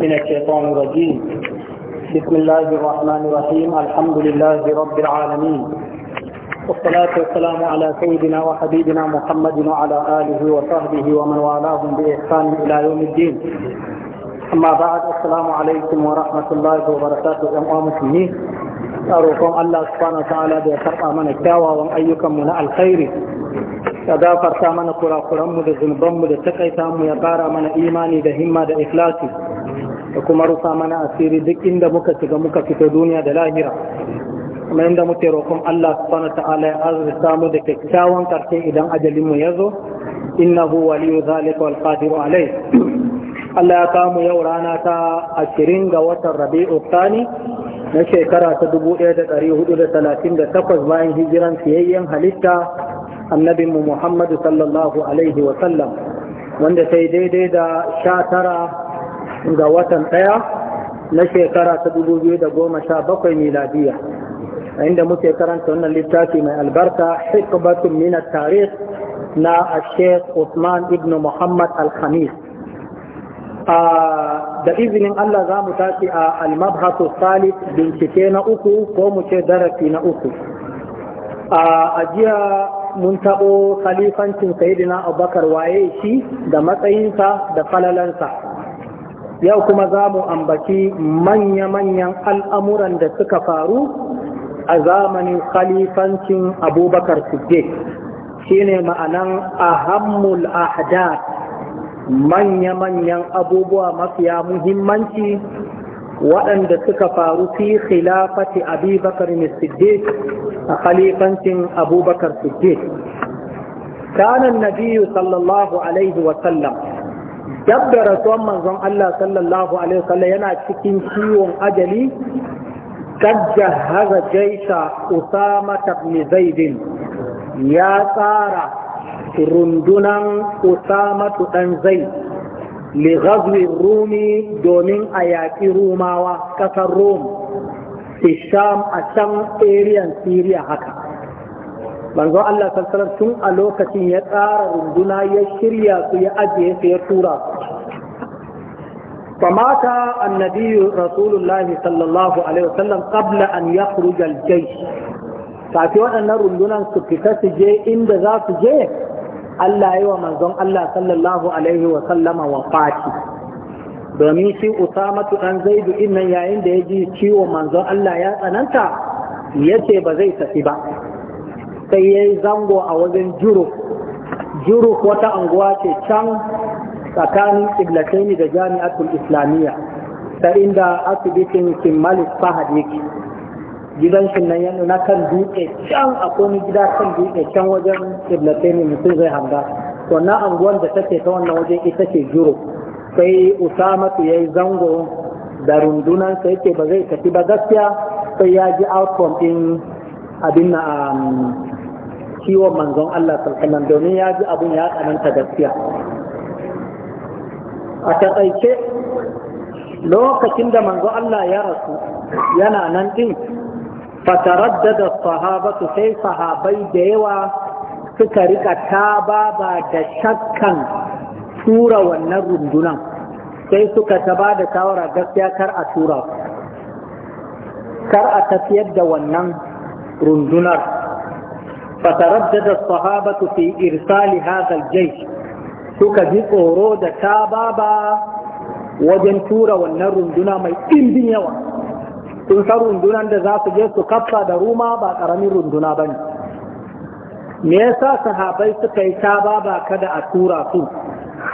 من الشيطان الرجيم بسم الله الرحمن الرحيم الحمد لله رب العالمين والصلاة والسلام على سيدنا وحبيبنا محمد وعلى آله وصحبه ومن والاهم بإحسان إلى يوم الدين أما بعد السلام عليكم ورحمة الله وبركاته أم مسلمين أروكم الله سبحانه وتعالى بيخرق من الكاوى وأن أيكم من الخير ya gafarta mana kurakuranmu da zunubanmu da takaita mu ya kara mana imani da himma da ikhlasi da kuma rufa mana asiri duk inda muka shiga muka fito duniya da lahira kuma inda muke roƙon Allah subhanahu ta'ala ya azurta mu da kyakkyawan karshe idan ajalin mu yazo innahu waliyu zalika wal qadiru alai Allah ya kamu yau rana ta 20 ga watan Rabi'u Thani na shekara ta 1438 bayan hijiran fiyayyen halitta annabi mu Muhammad sallallahu alaihi wa sallam wanda sai daidai da 19 ga watan ɗaya na shekara ta dubu biyu da goma sha bakwai miladiya inda muke karanta wannan littafi mai albarka hikbatun min tarikh na Sheikh Usman ibn Muhammad Al-Khamis da izinin Allah za mu tafi a al-mabhasu salif bincike na uku ko mu ce darasi na uku a jiya mun taɓo khalifancin Sayyidina abubakar waye shi da matsayinsa da falalansa yau kuma za mu ambaci manya-manyan al'amuran da suka faru a zamanin khalifancin abubakar siddiq shine ma'anan ahammul ahdath manya-manyan abubuwa mafiya muhimmanci waɗanda suka faru fi khilafati abubakar siddiq a khalifancin abubakar siddiq kanan nabiyu sallallahu alaihi wasallam dabda rasuwan manzon Allah sallallahu yana cikin ciwon ajali kajja haza jaisa Usama ibn Zaid ya tsara rundunan Usama ibn Zaid li Rumi domin a yaƙi Rumawa ƙasar Rome Isham a can area Syria haka manzon Allah sallallahu tun a lokacin ya tsara runduna ya shirya su ya ajiye su ya tura فمات النبي رسول الله صلى الله عليه وسلم قبل أن يخرج الجيش waɗannan rundunan su fita su je inda za su je Allah yi wa manzon Allah sallallahu alaihi wa sallama wa fati domin shi Usamatu ɗan Zaidu innan yayin da ya ji ciwo manzon Allah ya tsananta ya ce ba zai tafi ba sai ya yi zango a wajen juruf juruf wata anguwa ce can tsakanin ƙiblataini da jami'atul islamiyya ta inda asibitin kimmalis fahad yake gidan shi nan yanzu na kan dutse can a kone gida kan dutse can wajen ƙiblataini mutum zai hanga wannan anguwan da take ta wannan waje ita ce juruf sai usamatu ya yi zango da rundunan sai ke ba zai tafi ba gaskiya sai ya ji outcome din abin na um, ciwon manzon Allah sallallahu domin ya ji abun ya tsananta gaskiya a taƙaice lokacin da manzon Allah ya rasu yana nan din fataraddada sahabatu sai sahabai da yawa suka rika ta ba da shakkan tura wannan rundunan sai suka ta ba da shawara gaskiya kar a tura kar a tafiyar da wannan rundunar فتردد الصحابة في إرسال هذا الجيش سكجي قورو دا كابابا وجنتورا والنرون دنا ما يتنبين يوا تنسرون دنا دا ذات جيس كبسا دا روما با كرمين دنا بني ميسا صحابي سكي كابابا كدا أتورا سو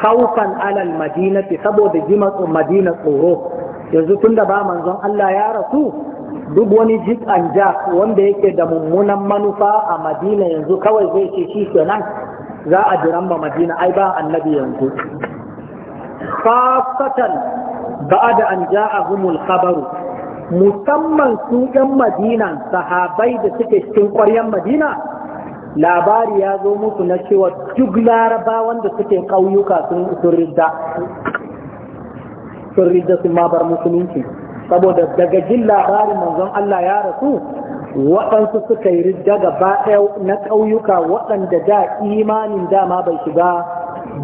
خوفا على المدينة سبو دا جمس مدينة قورو yanzu tun da ba manzon Allah ya rasu duk wani jik an ja wanda yake da mummunan manufa a madina yanzu kawai zai ce shi kenan za a jiran ma madina ai ba annabi yanzu fasatan ba'a da an humul khabaru musamman su ɗan madina sahabai da suke cikin ƙwaryen madina labari ya zo musu na cewa duk laraba wanda suke ƙauyuka sun ridda sun sun ma bar musulunci saboda daga jin labarin manzon Allah ya rasu waɗansu suka yi ridda gaba ɗaya na ƙauyuka waɗanda da imanin dama bai shiga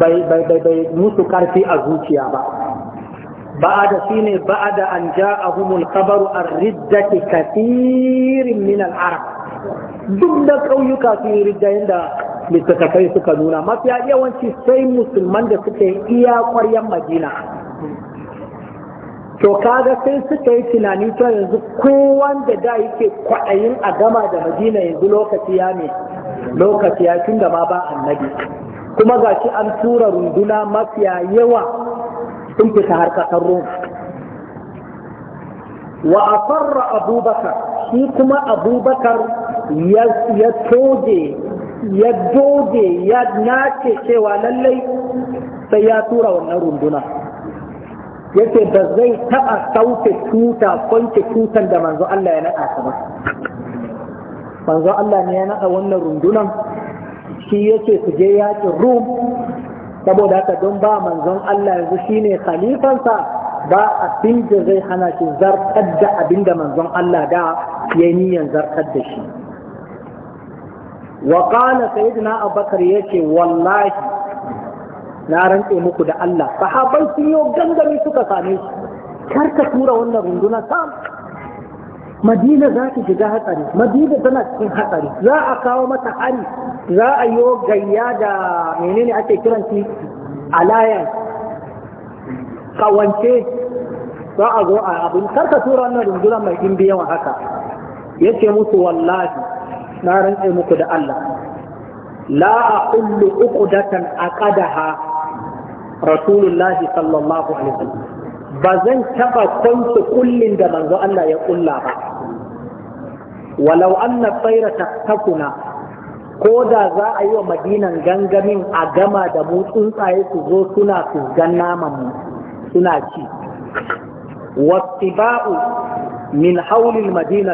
bai musu ƙarfi a zuciya ba ba'ada ba'a da an ja'ahumul a ar-riddati kathirin min al duk da ƙauyuka sun yi ridda yanda littattafai suka nuna mafiya yawanci sai musulman da suke iya ƙwaryen madina to kaga sai suka yi tunani to yanzu ko da da yake kwaɗayin a gama da madina yanzu lokaci ya ne lokaci ya tun ma ba annabi kuma ga shi an tura runduna mafiya yawa sun fita har ƙasar rum wa farra abubakar shi kuma abubakar ya toge ya doge ya nace cewa lallai sai ya tura wannan runduna yace ba zai taɓa sauke tuta kwance tutan da manzo Allah ya naɗa ta ba manzo Allah ne ya naɗa wannan rundunan shi yace su je yaƙin Rum saboda haka don ba manzon Allah yanzu shine khalifansa ba abin da zai hana shi zartar da abin da manzon Allah da ya yi niyyar zartar da shi wa qala sayyidina abubakar yace wallahi na rantse muku da Allah sahabbai sun yi gangami suka same shi kar ka tura wannan runduna sam Madina za ta shiga hatsari Madina tana cikin hatsari za a kawo mata hari za a yi gayya da menene ake kiran shi alliance kawance za a zo a abin kar ka tura wannan runduna mai dimbi yawan haka yace musu wallahi na rantse muku da Allah la datan uqdatan aqadaha rasulullah sallallahu alaihi wasallam ba zan taba kwanta kullin da manzo Allah ya kulla ba walau anna tsaira taqtuna ko da za a yi wa madinan gangamin a gama da mu tsuntsaye su zo suna su naman mu suna ci wasiba'u min haulil madina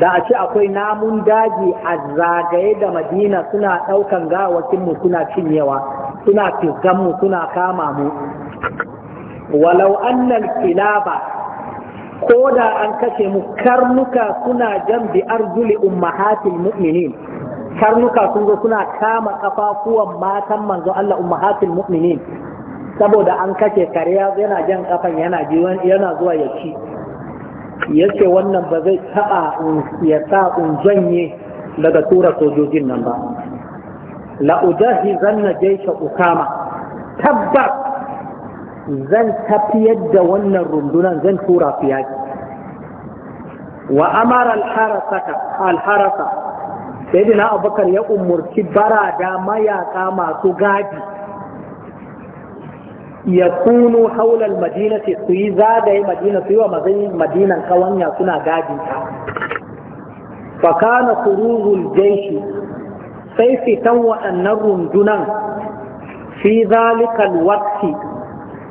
da a ce akwai namun daji a zagaye da madina suna ɗaukan gawakin mu suna cinyewa suna fisgan mu suna kama mu walau annal kilaba ko da an kashe mu karnuka suna jan bi arzuli ummahatil mu'minin karnuka sun zo suna kama kafafuwan matan manzo Allah ummahatil mu'minin saboda an kashe kare yana jan kafan yana yana zuwa ya ci yace wannan ba zai taba ya sa un janye daga tura sojojin nan ba la'udahizanna jaisha ukama tabbas zan tafiyar da wannan rundunan zan tura su yaƙi wa amara alharasa sai abubakar ya umurci barada mayaka masu gadi ya kunu haular madina ce su yi zagaye madina su yi wa mazayin madinan kawanya suna gadinta fakana kuruzul jaishi sai fitan waɗannan rundunan fi zalikal waqti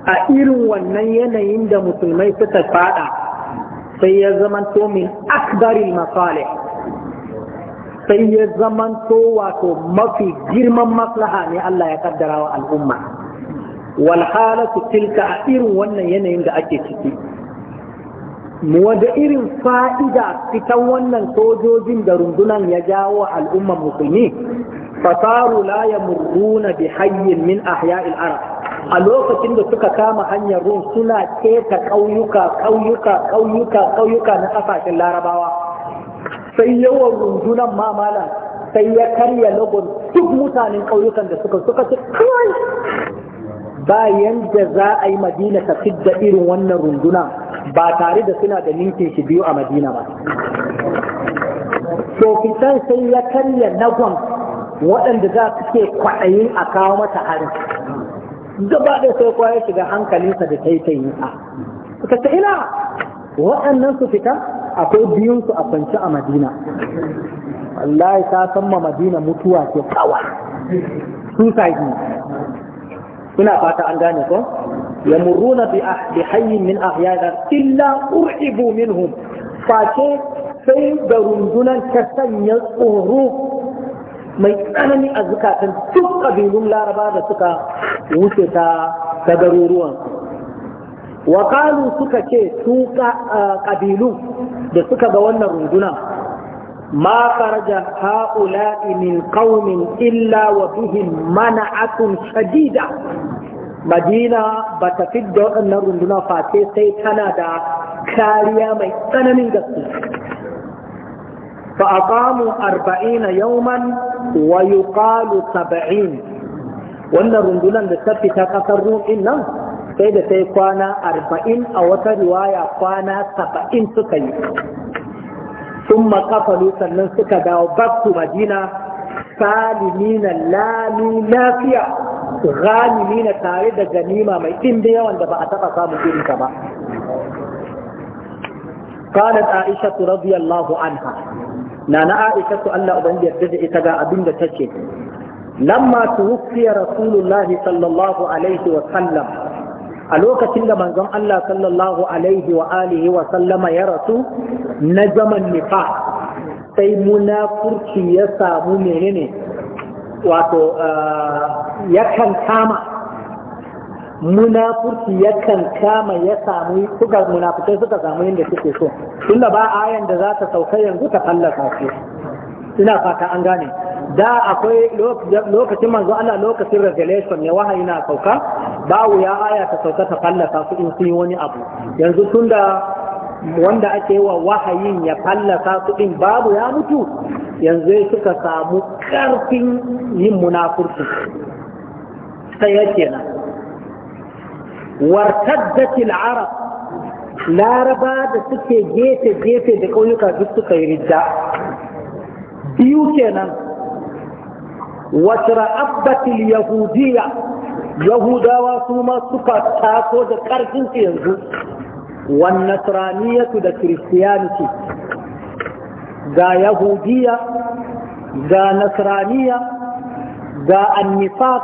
a irin wannan yanayin da musulmai suka fada sai ya zamanto min akbaril masalih sai ya zamanto wato mafi girman maslaha ne Allah ya kaddara wa al'umma wal su tilka a irin wannan yanayin da ake ciki wada irin fa'ida fitan wannan sojojin da rundunan ya jawo al'ummar musulmi fasaru la yamurruna bi hayyin min ahya'il arab a lokacin da suka kama hanyar rum suna keta ƙauyuka ƙauyuka ƙauyuka ƙauyuka na ƙasashen larabawa sai yawan rundunan mamala sai ya karya lagon duk mutanen ƙauyukan da suka suka ce kawai ba yanda za a yi madina ta fidda irin wannan runduna ba tare da suna da ninkin shi biyu a madina ba to fitan sai ya karya nagon waɗanda za su ke kwaɗayin a kawo mata harin gaba da sai kwaya shiga hankalinsa da yi a ta ta ina waɗannan su fita akwai biyunsu a kwanci a madina wallahi ta san ma madina mutuwa ce kawai suicide ne ina fata an gane ko yamurruna bi ahdi hayyin min ahyana illa urhibu minhum face sai da rundunan ta sanya tsoro mai tsanani a zukatan duk kabilun laraba da suka wuce ta ta garuruwan wakalu suka ce su kabilu da suka ga wannan runduna ما خرج هؤلاء من قوم إلا وفيهم منعة شديدة مدينة بتفد أن رندنا فاتي سيتنا دا كاريا ميتنا من قصد فأقاموا أربعين يوما ويقال سبعين وأن رندنا لتفت قصرون إنه سيدة سيكوانا أربعين أو رواية كوانا سبعين سكيك Umma makafalu sannan suka dawo back to madina salimina lalu lafiya ghanimina tare da ganima mai ɗimbin yawan da ba a taɓa samun irinka ba قالت عائشة رضي الله عنها نانا عائشة ألا أبنجي أبدأ إتقى أبن تشي لما توفي رسول الله صلى الله عليه وسلم a lokacin da manzon Allah sallallahu alaihi wa alihi wa sallama ya rasu na zaman nifa sai munafurci ya samu menene wato eh, yakan kama munafurci yakan kama ya samu suka suka samu yadda suke so tunda ba ayan da za ta sauka yanzu ta fallasa su ina fata an gane da akwai lokacin manzo Allah lokacin revelation ne wahayi na sauka babu ya aya ta sauka ta fallasa su in sun yi wani abu yanzu tunda wanda ake wa wahayin ya fallasa su din babu ya mutu yanzu suka samu karfin yin munafurci sai yake nan wartaddatil arab laraba da suke gefe gefe da kauyuka duk suka yi ridda biyu kenan raabbatil Yahudiya, yahudawa su ma suka taso da ƙarfinsu yanzu wannasraniyatu da kiristiyaniti ga yahudiya ga nasraniya ga annifaq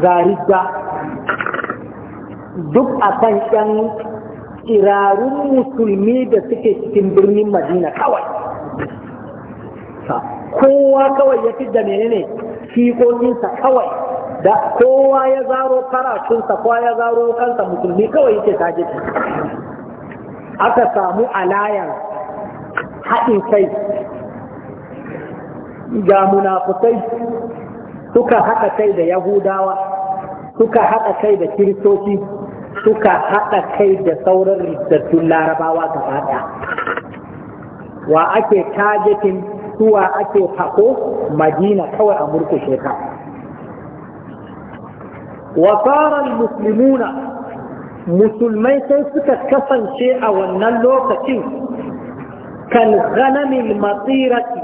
ga ridda duk a kan ƴan tsirarun musulmi da suke cikin birnin madina kawai kowa kawai ya fi da menene fiƙoƙinsa kawai da kowa ya zaro karashinsa kowa ya zaro kansa musulmi kawai yake taje aka samu alayan haɗin kai ga munafukai suka haɗa kai da yahudawa suka haɗa kai da kiristoci suka haɗa kai da sauran tun larabawa gaba ɗaya wa ake targetin suwa ake hako madina kawai a murkushe ta wasarar musulmuna musulmai sai suka kasance a wannan lokacin kan ganamin matsirati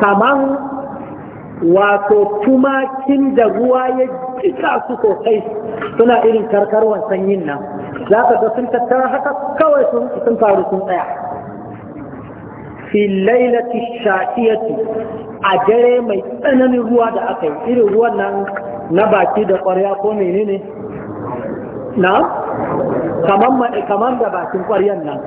kamar wato tumakin da ruwa ya jika su sosai suna irin karkarwar sanyin nan za ka ga sun tattara haka kawai sun faru sun tsaya fi lailati sha'iyati a dare mai tsananin ruwa da aka yi irin ruwan nan na baki da ƙwarya ko menene na kamar da bakin ƙwaryan nan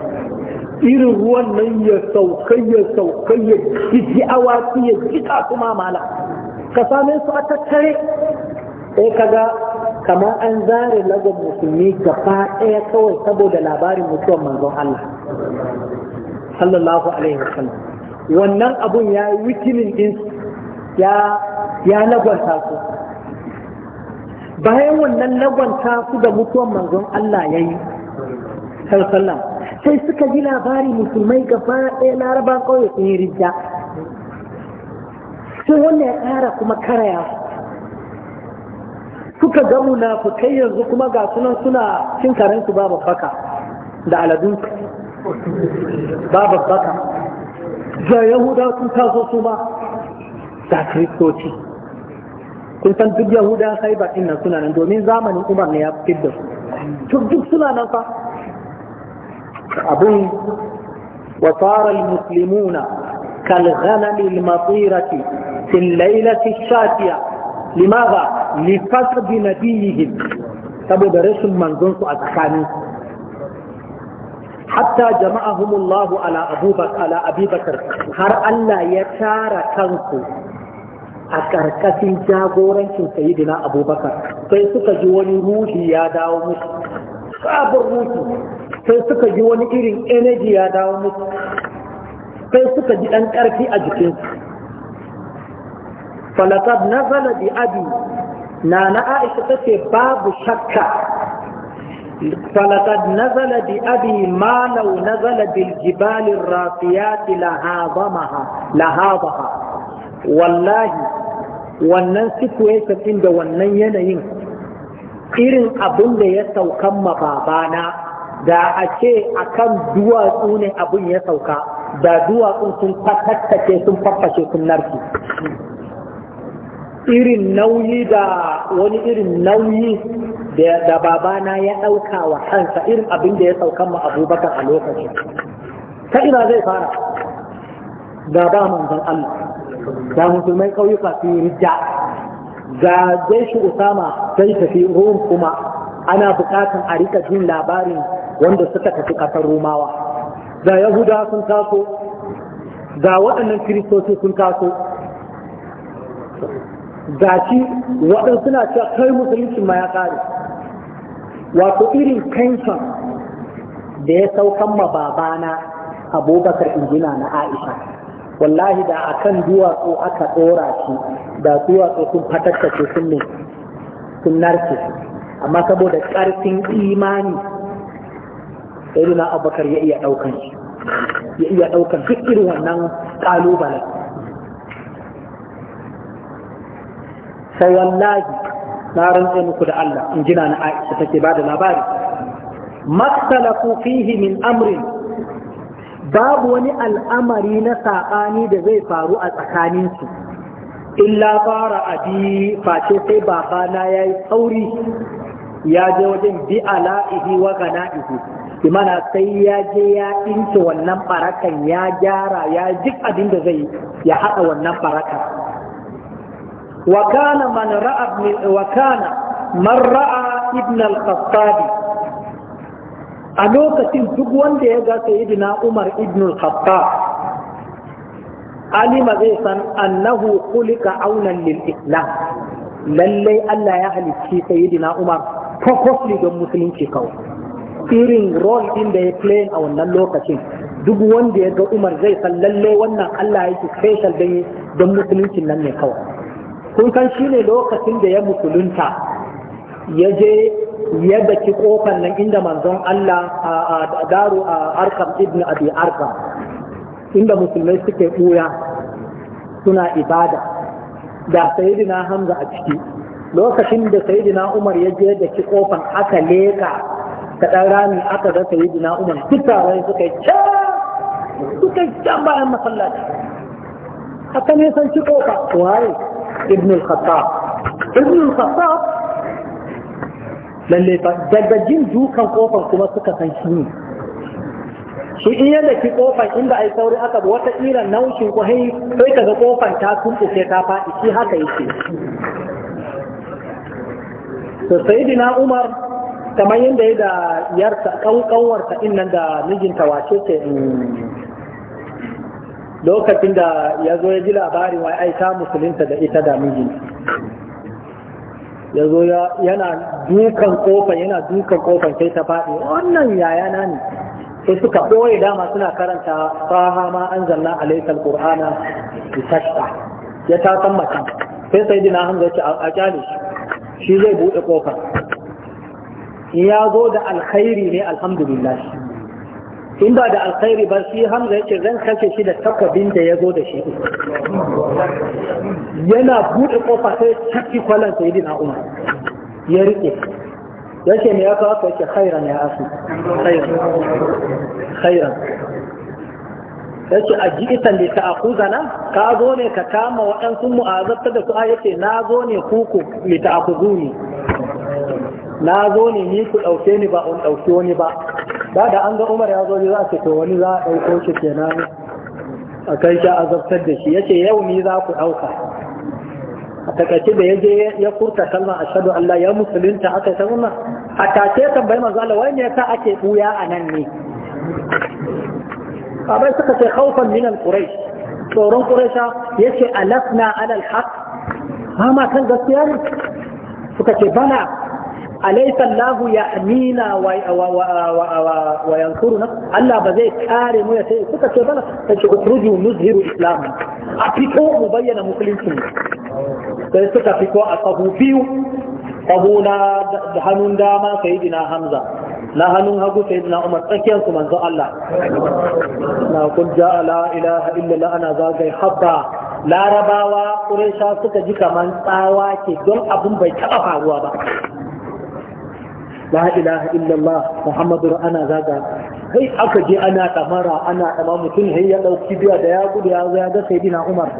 irin ruwan nan ya saukai ya saukai ya ji awaki ya jika kuma mala ka same su a tattare ko kaga kamar an zare lagon musulmi gaba ɗaya kawai saboda labarin mutuwar manzon Allah sallallahu alaihi wasallam wannan abun ya yi wikilin din ya ya nagwanta su bayan wannan nagwanta su da mutuwan manzon Allah ya yi sallallahu sai suka ji labari musulmai gaba ɗaya laraba ƙauye sun yi rijiya, sai wannan ya ƙara kuma karaya suka ga munafukai yanzu kuma ga sunan suna cin karensu babu faka da aladunsu babu baka ga yahuda sun taso su ma da kristoci kun san duk yahuda sai ba nan suna nan domin zamanin umar ne ya fi da su duk suna nan fa abun وصار المسلمون كالغنم المطيرة في الليلة الشاتية لماذا؟ لفقد نبيهم saboda rashin manzonsu a tsakaninsu hatta jama'ahumullahu ala ala abubakar har Allah ya tara kansu a ƙarƙashin jagorancin sayyidina abubakar sai suka ji wani ruhi ya dawo musu sabon ruhi sai suka ji wani irin energy ya dawo musu sai suka ji ɗan ƙarfi a jikinsu falakad na bi abi na na aisha ta ce babu shakka فلقد نزل بأبي ما لو نزل بالجبال الرافيات لهاضمها لهاضها والله wannan situation ɗin da wannan yanayin irin abun da ya saukan mababana da a ce a kan duwatsu ne abun ya sauka da duwatsun sun fatattake sun farfashe sun narki irin nauyi da wani irin nauyi da babana ya ɗauka wa kansa irin abin da ya saukan ma abubakar a lokaci. ta ina zai fara ga ba zan Allah ga musulmai ƙauyuka su yi rija ga shi usama sai tafi rum kuma ana buƙatan a rika jin labarin wanda suka tafi ƙasar rumawa ga yahuda sun taso ga waɗannan kiristoci sun taso ga shi waɗansu na cewa kai musulunci ma ya ƙare wato irin pension da ya saukan ma babana abubakar injina na aisha wallahi da akan duwatsu aka tsora shi da duwatsu sun fatattace sun ne sun narke amma saboda ƙarfin imani sai na abubakar ya iya ɗaukan shi ya iya ɗaukan duk irin wannan ƙalubalen sai wallahi na rantse muku da Allah in jina na Aisha take ba da labari maktalafu fihi min amrin babu wani al'amari na saɓani da zai faru a tsakaninsu illa fara abi face sai babana ya yi sauri ya je wajen bi ala'ihi wa gana'ihi imana sai ya je ya ɗinke wannan barakan ya gyara ya jik abin da zai ya haɗa wannan barakan وكان من رأى ابن وكان من رأى ابن الخطاب a lokacin duk wanda ya ga sayyidina Umar ibn al alima zai san annahu kulika aunan lil lallai Allah ya halicci sayyidina Umar purposely don musulunci kawai irin role din da ya play a wannan lokacin duk wanda ya ga Umar zai san lallai wannan Allah yake special don musulunci nan ne kawai kun san shi ne lokacin da ya musulunta ya je ya daki kofar nan inda manzon Allah a daru a arkam ibn abi arkam inda musulmai suke ɓuya suna ibada da sayidina hamza a ciki lokacin da sayidina umar ya je da ki kofar aka leka ta ɗan rami aka ga sayidina umar duk tawaye suka yi suka yi can bayan masallaci aka nisan ci kofa waye ibn al-khattab ibn lalle dukan kofan kuma suka san shi ne shi in yadda ki kofan inda ai sauri aka bi wata iran naushin ku hai sai kaga ƙofan ta tumbuke ta faɗi shi haka yake to sayyidina umar kamar yadda ya da yarsa kankanwarsa innan da mijinta wace ce lokacin da ya zo ya ji labarin wai aika musulunta da ita da mijin ya zo yana dukan kofan yana dukan kofan sai ta faɗi wannan yayana ne sai suka ɓoye dama suna karanta faha ma an zanna alaikal qur'ana bitashqa ya ta san sai sai dina hamza a kyale shi shi zai buɗe kofar ya zo da alkhairi ne alhamdulillah in ba da alkhairi ba sai hamza ya ce zan kashe shi da takwabin da ya zo da shi yana buɗe ƙofa sai tafi kwallon sai dina umar ya riƙe ya ce me ya kawo ka yake khairan ya asu khairan ya ce a ji isan da ta akuza na ka zo ne ka kama waɗansu mu'azarta da su a yace na zo ne kuku li ta akuzu ni na zo ne ni ku ɗauke ni ba un ɗauke wani ba da da an ga umar ya zo za ce to wani za a ɗauko shi ke kenan a kai shi azabtar da shi ya ce yau ni za ku ɗauka a takaice da ya je ya furta kalma a shaɗu Allah ya musulunta aka ta wannan a tace tambayi manzo Allah wai ne yasa ake ɓuya a nan ne abai suka ce khawfan min al-quraish tsoron quraisha yace alasna ala al-haq ma kan gaskiya ne suka ce bana alaysa Allahu ya'mina wa wa wa wa Allah ba zai kare mu ya sai suka ce bala sai ce ukhruju nuzhiru islam a fito mu bayyana musulunci sai suka fito a sahu biyu sahu na hannun dama sai sayyidina Hamza na hannun hagu sai na umar tsakiyar su manzo Allah na kun ja la ilaha illa ana zagaye. habba larabawa ƙuraisha suka ji kamar tsawa ke don abun bai taɓa faruwa ba la ilaha illallah muhammadu ana zaga kai aka je ana tamara ana tama mutum sai ya dauki biya da ya gudu ya ya ga sayyidina umar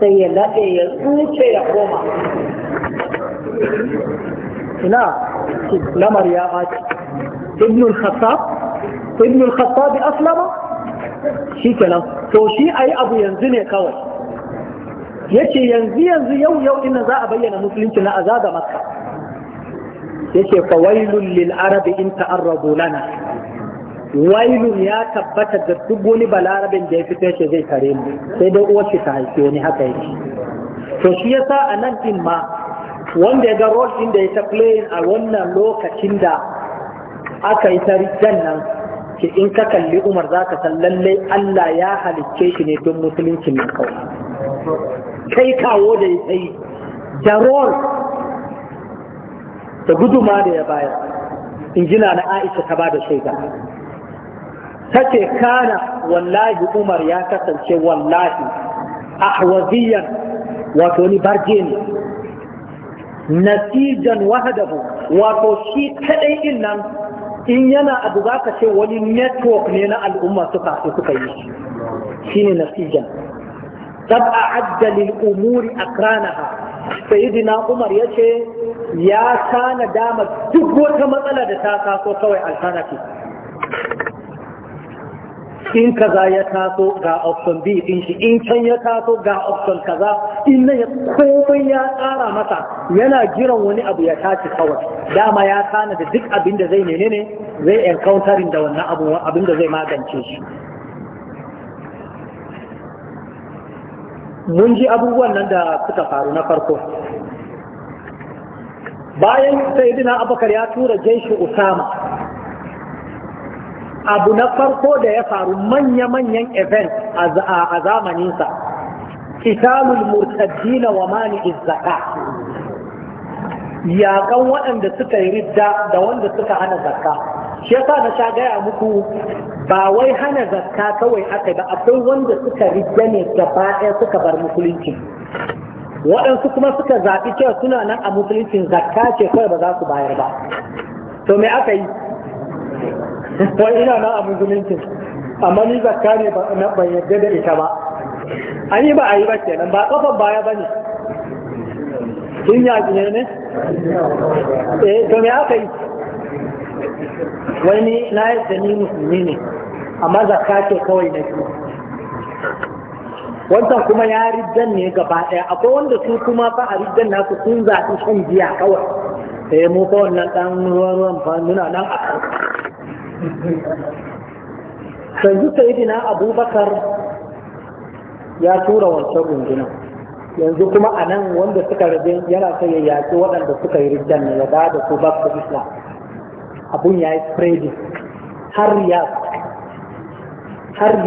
sai ya lade ya tsuce ya koma ina lamar ya ɓaci ibn al-khattab ibn al-khattab aslama shi kenan to shi ayi abu yanzu ne kawai yace yanzu yanzu yau yau ina za a bayyana musulunci na azaba makka yake fawailun lil arabi in ta'arrabu lana wailun ya tabbata da duk wani balarabin da ya fito shi zai kare mu sai dai uwar shi ta haife wani haka yake to shi yasa a nan din ma wanda ya ga role din da ya ta a wannan lokacin da aka yi ta rijjan nan ki in ka kalli Umar zaka san lalle Allah ya halicce shi ne don musuluncin nan kawai kai kawo da ya yi da role da guduma da ya bayar injina na aisha ta ba da shaida ta ce kana wallahi umar ya kasance wallahi ahwaziyan wato ni barje ne nasijan wahadahu wato shi kadai in nan in yana abu za ka ce wani network ne na al'umma suka su suka yi shine nasijan tab'a adda lil umuri akranaha sayyidina umar ya ce ya sana dama duk wata matsala da ta taso kawai alternative in kaza ya taso ga option B din shi in can ya taso ga option kaza in na ya komai ya tsara masa yana jiran wani abu ya tashi kawai dama ya sana da duk abin da zai ne zai encountering da wannan abu abin da zai magance shi mun ji abubuwan nan da suka faru na farko bayan dina abakar ya tura jeshi usama abu na farko da ya faru manya-manyan event a zamaninsa kitabul murtaddina wa mani izzaka yaƙan waɗanda suka yi ridda da wanda suka hana zakka shi yasa na sha gaya muku ba wai hana zakka kawai aka ba akwai wanda suka rike ne gaba ɗaya suka bar musulunci waɗansu kuma suka zaɓi cewa suna nan a musulunci zakka ce kawai ba za su bayar ba to me aka yi wai ina nan a musulunci amma ni zakka ne ban yarda da ita ba an yi ba a yi ba kenan ba kafan baya ba ne sun yaƙi ne ne eh to me aka yi wani na yadda ni musulmi ne amma zakka ce kawai na ke wancan kuma ya riddan ne gaba ɗaya akwai wanda su kuma fa a riddan nasu sun zaɓi shan biya kawai eh ya fa wannan ɗan ruwan fa muna nan a kan yanzu dina abubakar ya tura wancan rundunar yanzu kuma a nan wanda suka rabe yana sai ya yaƙi waɗanda suka yi riddan ne ya ba da su ba su islam abun ya yi spreading har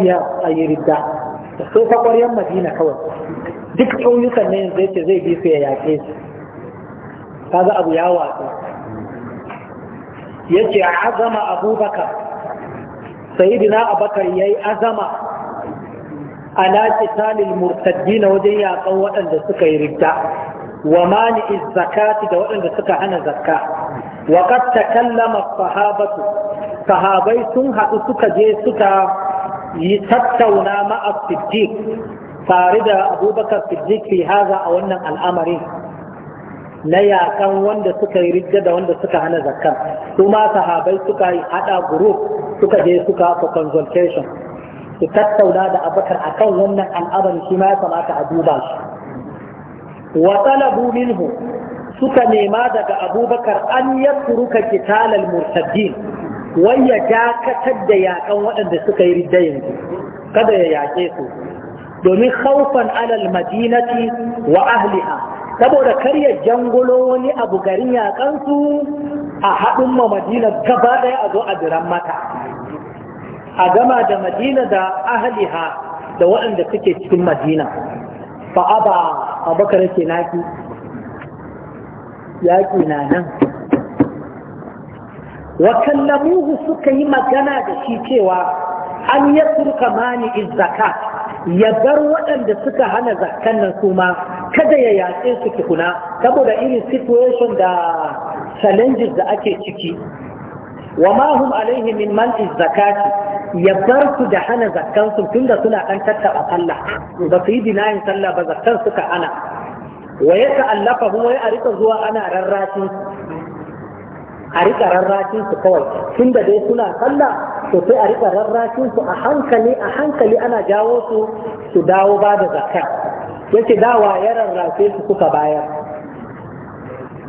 ya a yi ridda da so fa madina kawai duk ƙauyukan na yanzu ce zai bi su ya yaƙe su kaga abu ya watsu yace azama abubakar abakar abubakar yayi azama ala murtaddi na wajen yaƙan waɗanda suka yi ridda wa mani zakati da waɗanda suka hana zakka wa qad takallama sahabatu sahabai sun haɗu suka je suka yi tattauna ma'a siddiq tare da abubakar siddiq fi haza a wannan al'amari na yakan wanda suka yi rijja da wanda suka hana zakka su sahabai suka yi hada group suka je suka for consultation su tattauna da abakar akan wannan al'amari shi ma ya kamata a duba shi wa talabu minhu suka nema daga abubakar an ya turuka kitalal murtaddin wai ya dakatar da yakan waɗanda suka yi ridda yanzu kada ya yaƙe su domin haufan alal madinati wa ahliha saboda kar ya jangulo wani abu garin yakan su a haɗin ma madina gaba ɗaya a zo a biran mata a gama da madina da ahliha da waɗanda suke cikin madina fa aba abubakar ke naki yaƙi na nan Wakallamuhu suka yi magana da shi cewa an yi turka mani zaka ya bar waɗanda suka hana zakan nan kuma kada ya yaƙe su tukuna saboda irin situation da challenges da ake ciki wa ma alaihi min man ya bar su da hana zakkan tunda suna ɗan tattaɓa sallah ba su yi dinayin sallah ba zakkan suka hana wa ya ta'allafa kuma a rika zuwa ana rarracin a rika rarrafin su kawai da dai suna sallah to sai a rika rarrafin su a hankali a hankali ana jawo su su dawo ba da zakka yace dawa ya rarrafe su kuka bayar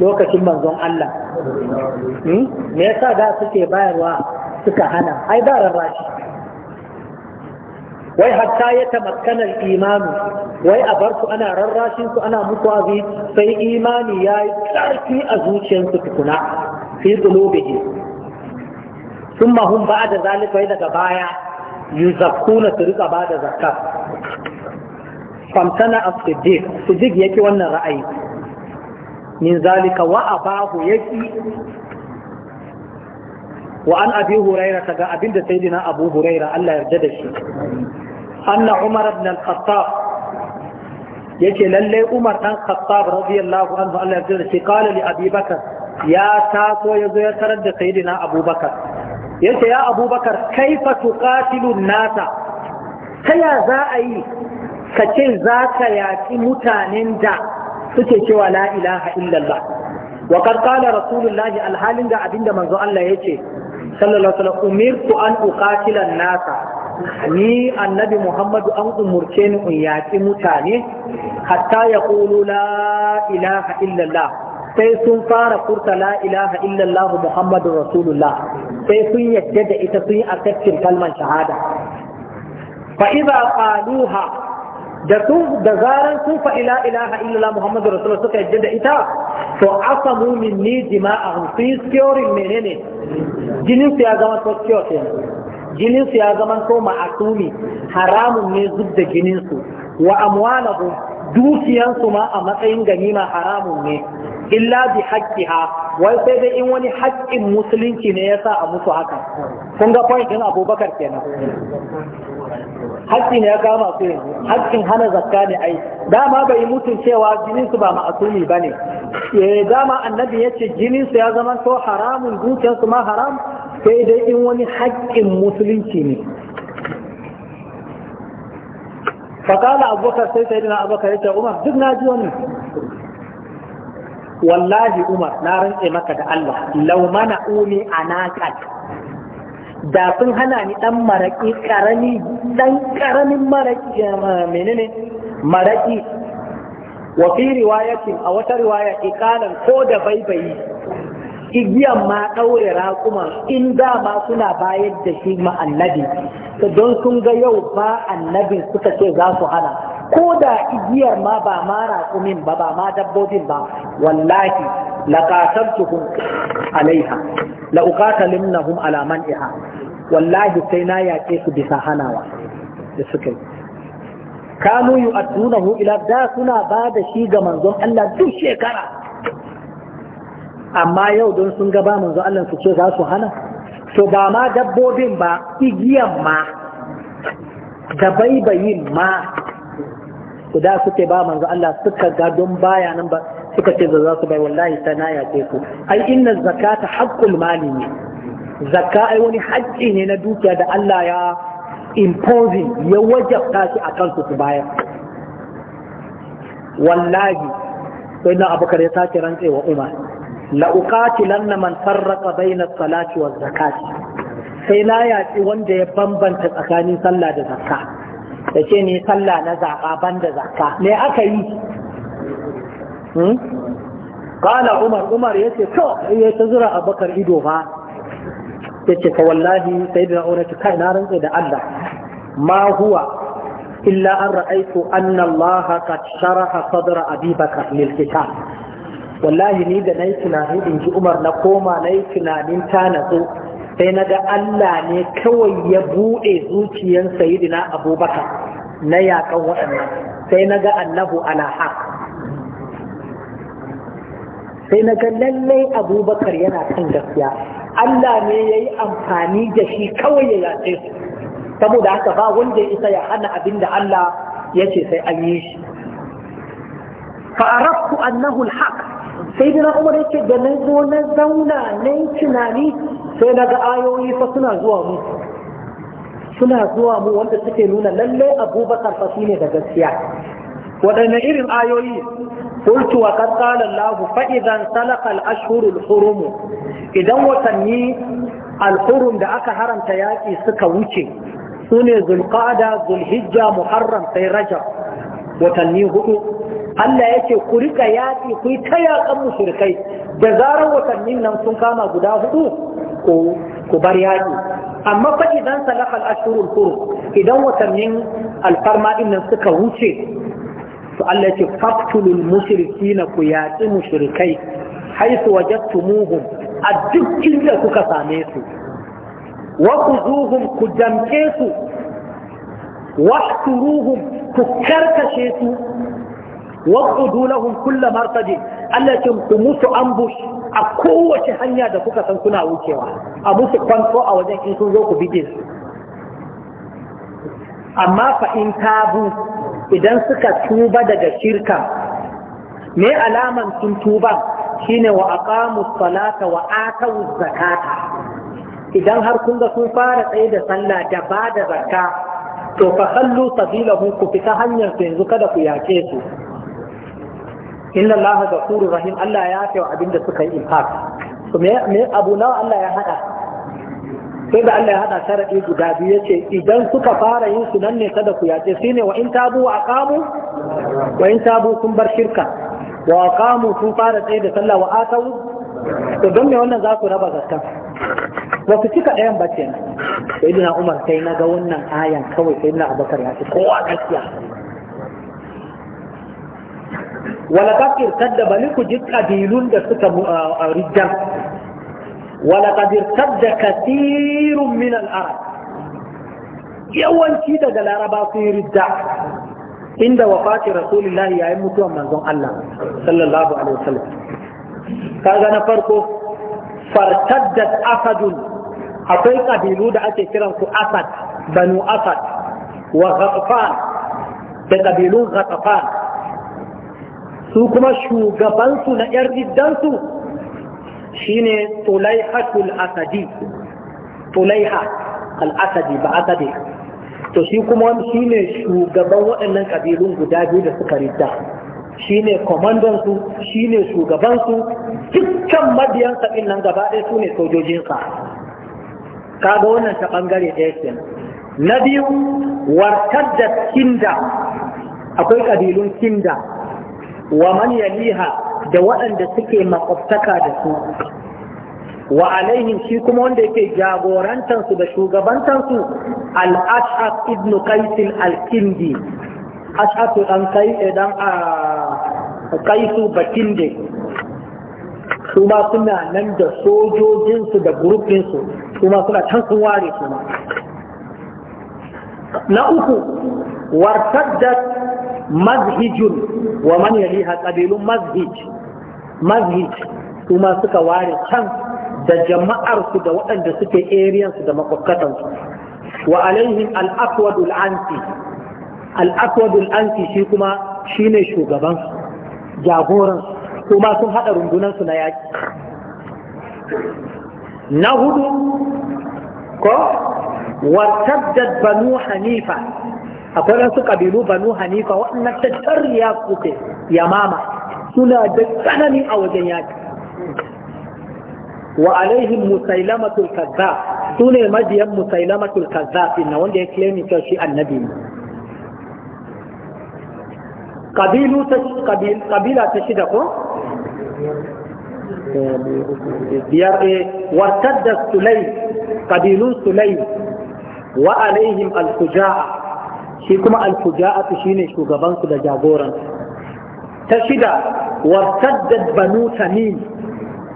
lokacin manzon Allah hmm? me yasa da suke bayarwa suka hana ai ba rarrafi wai hatta ya tamakkana imanu wai a bar su ana rarrashin su ana musu azi sai imani ya yi ƙarfi a zuciyarsu tukuna fi qulubihim thumma hum ba'da zalika wai daga baya yuzakkuna su rika bada zakka famtana as-siddiq siddiq yake wannan ra'ayi min zalika wa abahu yaki وعن أبي هريرة قال أبن سيدنا أبو هريرة الله يرجد الشيء anna umar ibn al-khattab yace lallai umar dan khattab radiyallahu anhu Allah ya tsare shi qala li abi bakar ya taso ya tarar da sayyidina abubakar yace ya abubakar kaifa tuqatilu nasa kaya za a yi ka ce za ka yaƙi mutanen da suke cewa la ilaha illallah wa qad qala rasulullahi alhalin da abinda manzo Allah yace sallallahu alaihi wasallam umirtu an uqatila nasa ni annabi muhammadu an umurce ni in yaƙi mutane hatta ya ƙulu la ilaha illallah sai sun fara furta la ilaha illallah muhammadu rasulullah sai sun yadda da ita sun yi akattin kalmar shahada fa iza qaluha da sun da zaran sun fa ila ilaha illallah muhammadu rasulullah suka yadda da ita to asamu ni jima'ahum sun yi securing menene jinin su ya zama secure kenan jininsu ya zama to ma'asumi haramun ne zub da jininsu wa amwalahu dukiyansu ma a matsayin ganima haramun ne illa bi haqqiha wai sai dai in wani haƙƙin musulunci ne ya sa a musu haka kun ga point din Abubakar kenan haƙƙi ne ya kama su yanzu haƙƙin hana zakka ne ai dama bai mutun cewa jinin su ba ma'asumi bane eh dama annabi yace jinin su ya zama to haramun dukiyansu ma haram sai dai in wani haƙƙin musulunci ne fakala abubakar sai sai dina abubakar ya ce umar duk na ji wani wallahi umar na rantse maka da Allah laumana umi a naƙat da sun hana ni ɗan maraƙi ƙarami ɗan ƙaramin maraƙi menene maraƙi wa fi riwayatin a wata riwaya ikalan ko da baibayi igiyan ma ɗaure raƙuman in dama suna bayar da shi ma annabi don sun ga yau ba annabi suka ce za su hana ko da igiyar ma ba ma raƙumin ba ba ma dabbobin ba wallahi laqataltuhum alaiha la uqatalimnahum wallahi sai na yaƙe su bisa hanawa da suka yi kanu yu'addunahu ila da suna ba da shi ga manzon Allah duk shekara amma yau don sun gaba manzo Allah su ce za su hana to ba ma dabbobin ba igiyan ma da baibayin ma da suke ba manzo Allah suka ga don baya nan ba suka ce za su bai wallahi ta na ya ku ai inna zakata haqqul mali ne zakka ai wani haƙƙi ne na dukiya da Allah ya imposing ya wajabta shi akan su su bayar wallahi sai na abubakar ya sake rantsewa umar la'uƙatilan na man farraka bainar salati wa zakati sai na yaƙi wanda ya bambanta tsakanin sallah da zakka da ce ne sallah na zaƙa ban da zakka me aka yi ƙala umar umar ya ce to ya ta zura abakar ido ba ya ce ka wallahi sai da na'ura ta kai na rantsa da allah ma huwa illa an ra'aitu anna allah qad sharaha sadra abi bakar lil kitab wallahi ni da na yi tunani in ji umar na koma na yi tunanin ta natsu sai na ga Allah ne kawai ya buɗe zuciyar sayidina abubakar na yakan waɗannan sai na ga annahu ala haq sai na ga lallai abubakar yana kan gaskiya Allah ne ya yi amfani da shi kawai ya yace su saboda haka ba wanda ya isa ya hana abin da Allah ya ce sai an yi shi Fa fa'arabtu annahu al-haq sai dina umar yake da na zo zauna na yi tunani sai na ga ayoyi fa suna zuwa mu wanda suke nuna lalle abubakar fa ne da gaskiya waɗanne irin ayoyi قلت وقد قال الله فإذا انسلق الأشهر الحرم إذا وتني da aka haramta yaƙi suka wuce sune zulqa'da zulhijja muharram sai rajab watanni hudu Allah ya ce ku rika yaƙi ku yi ta yaƙan mushrikai da zarar watannin nan sun kama guda hudu ku bar yaƙi amma fa idan salaka al-ashhurul idan watannin alfarma nan suka wuce to Allah ya ce faqtulul na ku yaƙi mushrikai haisu wajadtumuhum a duk inda kuka same su wa kuzuhum ku jamke su واحتروهم كركشيتو واقعدوا لهم كل مرصد Allah ce ku musu ambush a kowace hanya da kuka san kuna wucewa a musu kwanto a wajen in sun zo ku bige amma fa in idan suka tuba daga shirka me alaman sun tuba shine wa aqamu salata wa zakata idan har kunga sun fara tsaye da sallah da ba da zakka to fa hallu sabilahu ku fita hanyar su yanzu kada ku yake su inna allaha ghafurur rahim Allah ya yafe wa abinda suka yi impact to me me abu nawa Allah ya hada sai da Allah ya hada sharadi guda biyu yace idan suka fara yin su nan ne kada ku yace shine wa in tabu wa aqamu wa in tabu kun bar shirka wa aqamu kun fara tsaye da sallah wa atau to don me wannan za ku raba zakka Wasu cika ɗayan ba ce sai duna umar sai na ga wannan ayan kawai sai duna abakar ya ce kowa gaskiya wala kafir kadda bali ku ji kabilun da suka rijjar wala kafir kadda kasirun min al'arab yawanci daga laraba su yi rijja inda wafati rasulillahi yayin mutuwan manzon Allah sallallahu alaihi wasallam kaga na farko fartaddat asadun akwai kabilu da ake kiran ku asad banu asad wa ghatafan da kabilun ghatafan su kuma shugabansu na yar riddansu shine tulaihatul asadi tulaiha al-asadi ba asadi to shi kuma shine shugaban waɗannan ƙabilun guda biyu da suka ridda shine ne su shi shugabansu, shugabansu dukkan mabiyansa sabin nan gaba ɗaya su ne sojojinsa kaga wannan ta ɓangare ɗaya ke na biyu wartar da kinda akwai ƙabilun kinda wa man yaliha da waɗanda suke makwabtaka da su wa alaihim shi kuma wanda yake jagorantansu da shugabantansu al-ashab ibn qais al-kindi ashatu an kai idan eh, a ah, kaisu da su ma suna nan da sojojinsu da gurufinsu, su ma suna can sun ware su ma na uku wartaddat mazhijun wa man yaliha qabilun mazhij mazhij su ma suka ware can da jama'arsu da waɗanda suke ariyansu da makwabtakansu wa alaihim al-aswad al al'aswadul ansi shi kuma shi ne shugaban jagoran kuma sun haɗa rundunansu na yaƙi na hudu ko wartabdat banu hanifa akwai wasu ƙabilu banu hanifa waɗannan tattarriya suke yamama suna da tsanani a wajen yaƙi wa alaihim musailamatul kazzab sune majiyan musailamatul kazzab inna wanda ya claim cewa shi annabi ne kabila ta shida ko biyar eh, wartar da sulai kabilun sulai wa alaihim shi kuma alfuja'a shi shine shugabansu da jagoran ta shida wartar da banu tamim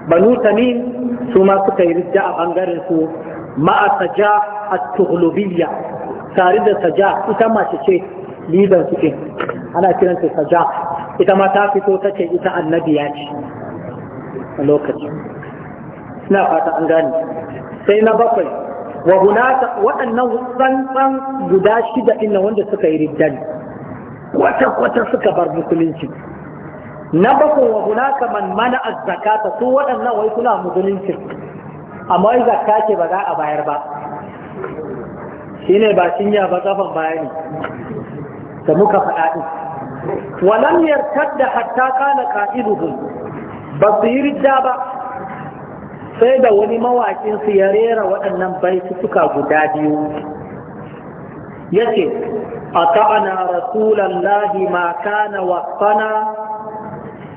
banu su ma suka yi rijja a bangaren su ma'a saja at-tughlubiyya tare da saja ita mace ce lidan suke ana kiran ta saja ita ma ta fito ta ce ita annabiya ce a lokacin ina fata an gane sai na bakwai wa hunaka waɗannan tsantsan guda shida ɗin wanda suka yi riddan wata kwata suka bar musulunci na bakwai wa hunaka man mana zakata su waɗannan wai suna musulunci amma wai zakka ce ba za a bayar ba shine ba cinya ba kafan bayani da muka faɗa walam yartadda hatta kana qa'iduhum ba su yi ba sai da wani mawakin su ya rera waɗannan baitutuka guda biyu yace ata'ana rasulallahi ma kana waqtana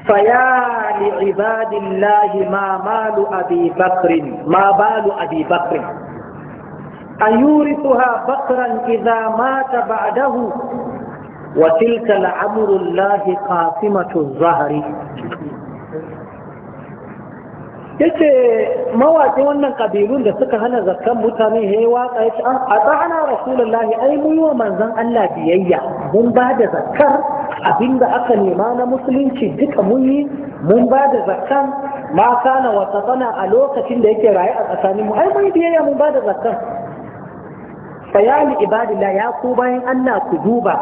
فيا لعباد الله ما مال أبي بكر ما بال أبي بكر أيورثها بكرا إذا مات بعده وتلك لعمر الله قاسمة الظهر yace wannan ƙabilun da suka hana zakkan mutane ya yi waƙa ya ce an hana rasulullahi ai mun yi wa manzon Allah biyayya mun ba da zakkar abinda aka nema na musulunci duka mun yi mun ba da zakkan ma kana wasatana a lokacin da yake rayu a tsakanin mu ai mun yi biyayya mun bada da zakkan fayali ibadillah ya ku bayan Allah ku duba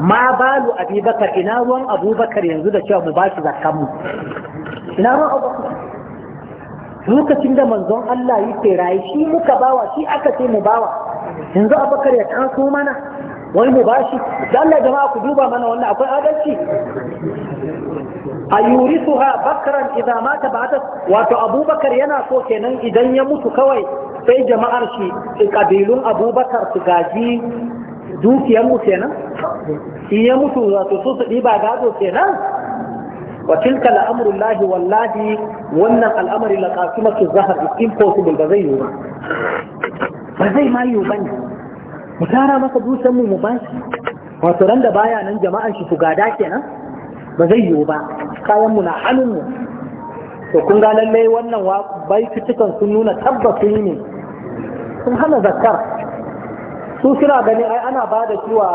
ma balu abubakar ina ruwan abubakar yanzu da cewa mu ba shi zakamu mu ina ruwan abubakar lokacin da manzon Allah yi rayu shi muka bawa shi aka ce mu bawa yanzu abubakar ya taso mana wai mu ba shi da Allah jama'a ku duba mana wannan akwai adalci a yurisuha bakran idan mata ba ta wato abubakar yana so kenan idan ya mutu kawai sai jama'ar shi kabilun abubakar su gaji dukiyar mu kenan in ya mutu wato su su ɗiba gado kenan wa tilka al'amrul lahi wallahi wannan al'amari la qasimatu zahar is impossible ba zai yiwu ba ba zai ma yiwu bane mu tara maka dusan mu mu ba shi wato ran da baya nan jama'an shi su gada kenan ba zai yiwu ba kayan mu na hannun mu to kun ga lallai wannan baitutukan sun nuna tabbacin ne sun hana zakar su suna gani ai ana ba da ciwa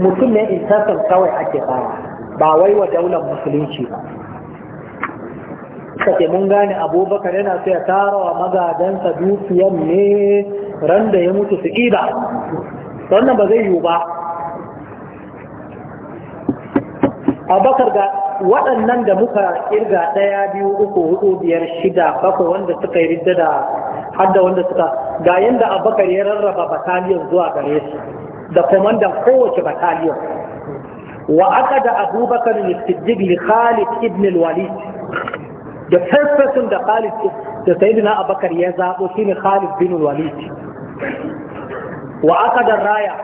mutum ne insasan kawai ake fara ba wai wa daular musulunci ba kace mun gane abubakar yana so ya tara wa magadansa dukiyan ne ran da ya mutu su ida wannan ba zai yiwu ba abubakar ga waɗannan da muka kirga ɗaya biyu uku hudu biyar shida bakwai wanda suka yi ridda da hadda wanda suka ga yadda abubakar ya rarraba bataliyar zuwa gare su da komandan kowace bataliyon wa aka da abubakar siddiq li khalid ibn al-walid da farfasun da khalid da sayyidina Abakar ya shi ne khalid bin al-walid wa aka da raya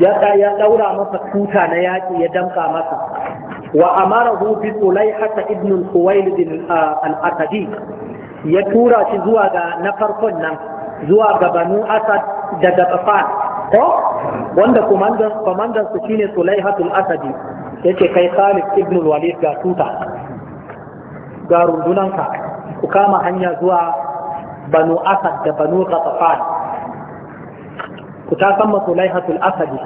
ya ya ɗaura masa tuta na yaki ya damka masa wa amara bi ulaihata ibn al-khuwailid ah, al-asadi ya tura shi zuwa ga na farkon nan zuwa ga banu asad da gabafan ko wanda komandan su shine Sulaihatul Asadi yace kai Khalid ibn Walid ga tuta ga rundunanka ku kama hanya zuwa Banu Asad da Banu Qatafan ku ta san Sulaihatul Asadi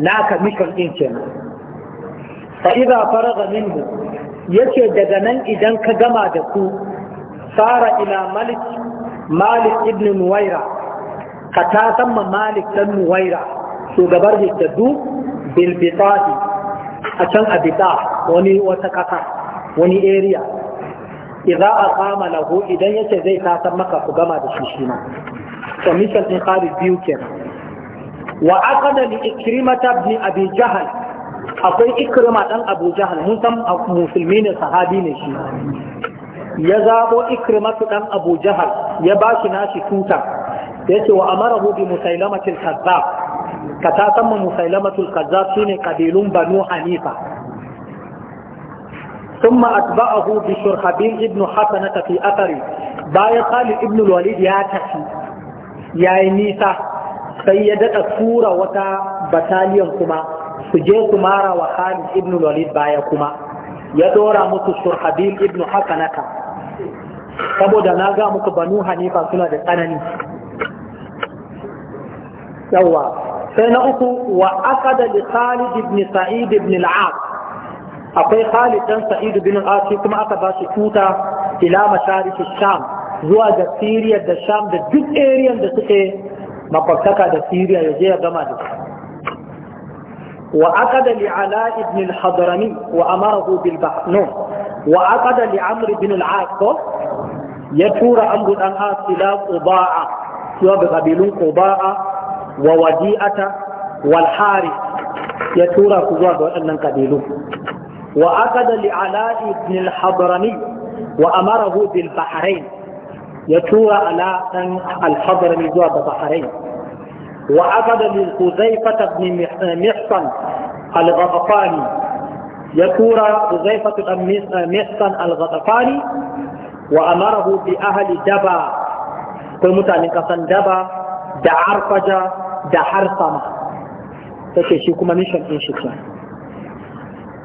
naka mission din kenan fa idza faraga minhu yace daga nan idan ka gama da ku fara ila Malik Malik ibn Nuwaira ka ta san Malik dan Nuwaira shugabar hittaddu bilbitahi a can abita wani wata kasa wani area a kama lahu idan yace zai tasan maka ku gama da shi shi ma commission din kharij biyu kenan wa ni li ta bi abi jahl akwai ikrima dan abu jahl mun san musulmi ne sahabi ne shi ya zabo ikrimatu dan abu jahl ya bashi nashi tuta yace wa amarahu bi musailamatil kazzab ka ta san musailamatul kazzab shine kabilun banu hanifa ثم أتبعه بشرحبيل ابن حسنة في أثره باي خالد ابن الوليد يا تفي يا نيسا سيدة سورة وتا بتاليون كما سجي كمارا وخالد ابن الوليد باي كما يدور مت شرحبيل ابن حسنة saboda na ga muku banu hanifa suna da tsanani yawa سنة أخو وأخد لخالد بن سعيد بن العاص أخي خالد بن سعيد بن العاص كما أخذ باشي كوتا إلى مشارك الشام زوا دا سيريا دا شام دا جد إيريا دا سكي ما قلتك دا سيريا يجيه دا مالي وأخد لعلاء بن الحضرمي وأمره بالبحث نو وأخد لعمر بن العاص يتور أمر الأنهاس إلى أباعة يوبغ بلوك أباعة wa wadi'ata wal harith ya tura ku zuwa ga waɗannan kabilu wa akada li ala ibn al hadrami wa amarahu bil bahrain ya tura ala dan al hadrami zuwa ga bahrain wa akada li huzaifata ibn mihsan al ghafani ya tura huzaifata ibn mihsan al ghafani wa amarahu bi ahli daba ko mutanen kasan daba da arfaja da har sama take shi kuma nishan din shi kenan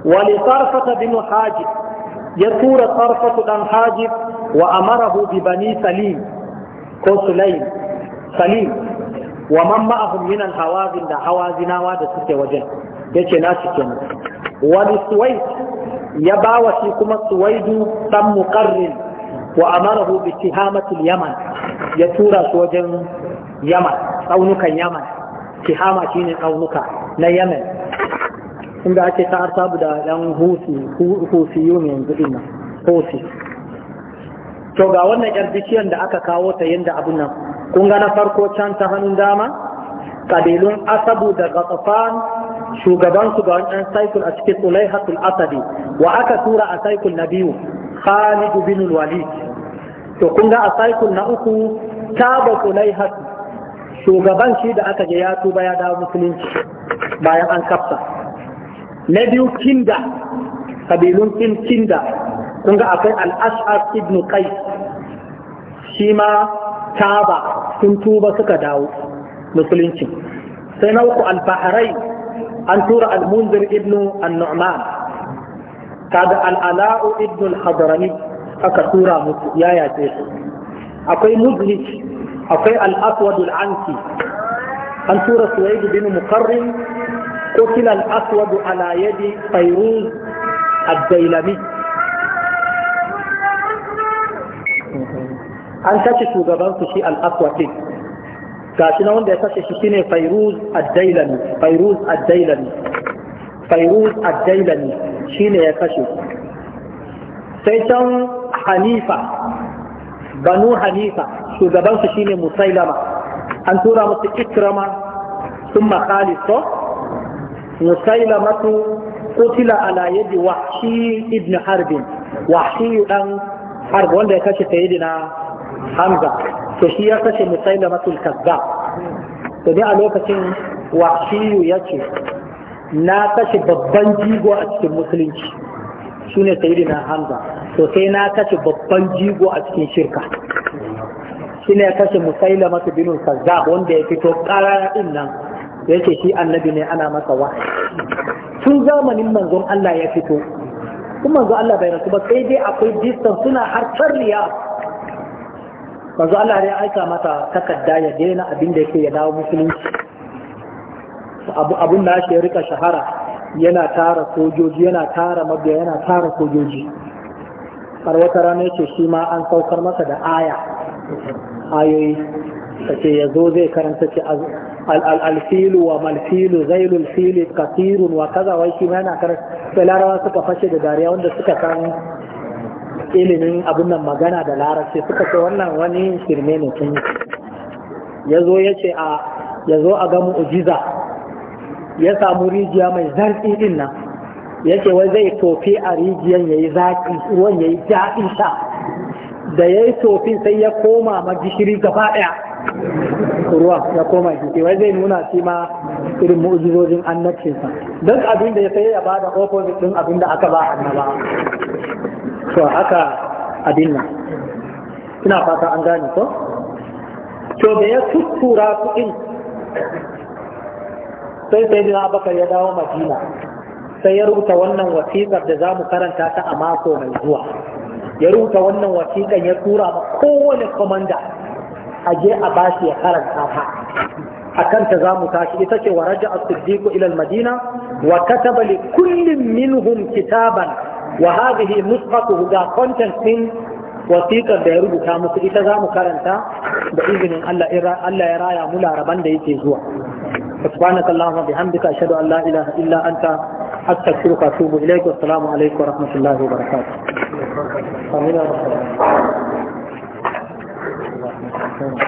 wali sarfata bin hajib ya tura sarfatu dan hajib wa amarahu bi bani salim ko sulaim salim wa man ma'ahum min al-hawazin da hawazinawa da suke wajen yace na shi kenan wani suwaid ya bawa shi kuma suwaidu san muqarrin wa amarahu bi tihamatil yaman ya tura su wajen yaman tsaunukan yaman tihama shi ne tsaunuka na yaman inda ake ta artabu da yan hufi yau yanzu ina husi to ga wannan yar bishiyar da aka kawo ta yadda abin nan kun ga na farko can ta hannun dama kabilun asabu da gatsafan su ga wancan saikul a cikin tsulaihatul asadi wa aka tura a saikul na biyu khalid bin walid to kun ga a saikul na uku taba tsulaihat shugaban shi da aka je ya tuba ya dawo musulunci bayan an kafsa na biyu kinda kabilun kin kinda kun ga akwai al-ash'ar ibn qais shi ma taba sun tuba suka dawo musulunci sai na uku al-bahrain an tura al-munzir ibn an-nu'man kaga al-ala'u ibn al-hadrami aka tura musu ya yace akwai muzhij akwai al'aswadul anki an tura suwaidu bin mukarrin قتل الأسود على يد فيروز الديلمي an kashe shugaban su shi al'aswatin gashi na wanda ya kashe shi shine fairuz addailami fairuz addailami fairuz addailami shine ya kashe sai can hanifa banu hanifa shugaban shi ne musailama an tura musu ikrama sun makhalisto musailamatu kutila ala yadi wahshi ibn harbin wahshi dan harb wanda ya kashe sayidina hamza to shi ya kashe musailamatu al-kazzab to ne a lokacin wahshi yace na kashe babban jigo a cikin musulunci shine sayidina hamza to sai na kashe babban jigo a cikin shirka shi ne ya kashe musaila masa binu kazzab wanda ya fito karara din nan ya ce shi annabi ne ana masa wahayi tun zamanin manzon Allah ya fito kun manzon Allah bai rasu ba sai dai akwai distance suna har tarliya manzon Allah ya aika mata takarda ya daina abin da yake ya dawo musulunci abun da ya rika shahara yana tara sojoji yana tara mabiya yana tara sojoji har wata rana ce shi ma an saukar masa da aya ayoyi kace yazo zai karanta ce alfilu wa malfilu zailul fili kasirun wa kaza wai shi ma yana karanta larawa suka fashe da dariya wanda suka san ilimin abin nan magana da larabci suka ce wannan wani shirme ne tun ya zo ya ce a ya zo a ga mu'ujiza ya samu rijiya mai zarfi din nan ya ce wai zai tofi a rijiyan ya yi zaƙi ruwan ya yi daɗin sha da ya yi tofin sai ya koma ma gishiri gaba ɗaya ruwa ya koma gishiri wai zai nuna shi ma irin mu'ujizojin annabcinsa duk abin da ya sai ya bada opposite din abin da aka ba annaba to haka abin nan ina fata an gane ko to da ya tuttura su in sai sai dina abakar ya dawo madina sai ya rubuta wannan wasiƙar da za mu karanta ta a mako mai zuwa ya rubuta wannan wasiƙan ya tura ba kowane komanda a je a bashi ya karanta ta a ta za mu tashi ita ce wa raja as-siddiq ila madina wa kataba li kullin minhum kitaban wa hadhihi musqatuhu ga content din wasiƙar da ya rubuta musu ita za mu karanta da izinin Allah Allah ya raya mu laraban da yake zuwa subhanaka allahumma bihamdika ashhadu an la ilaha illa anta astaghfiruka wa atubu ilaik wa assalamu wa rahmatullahi wa آمين يا رب العالمين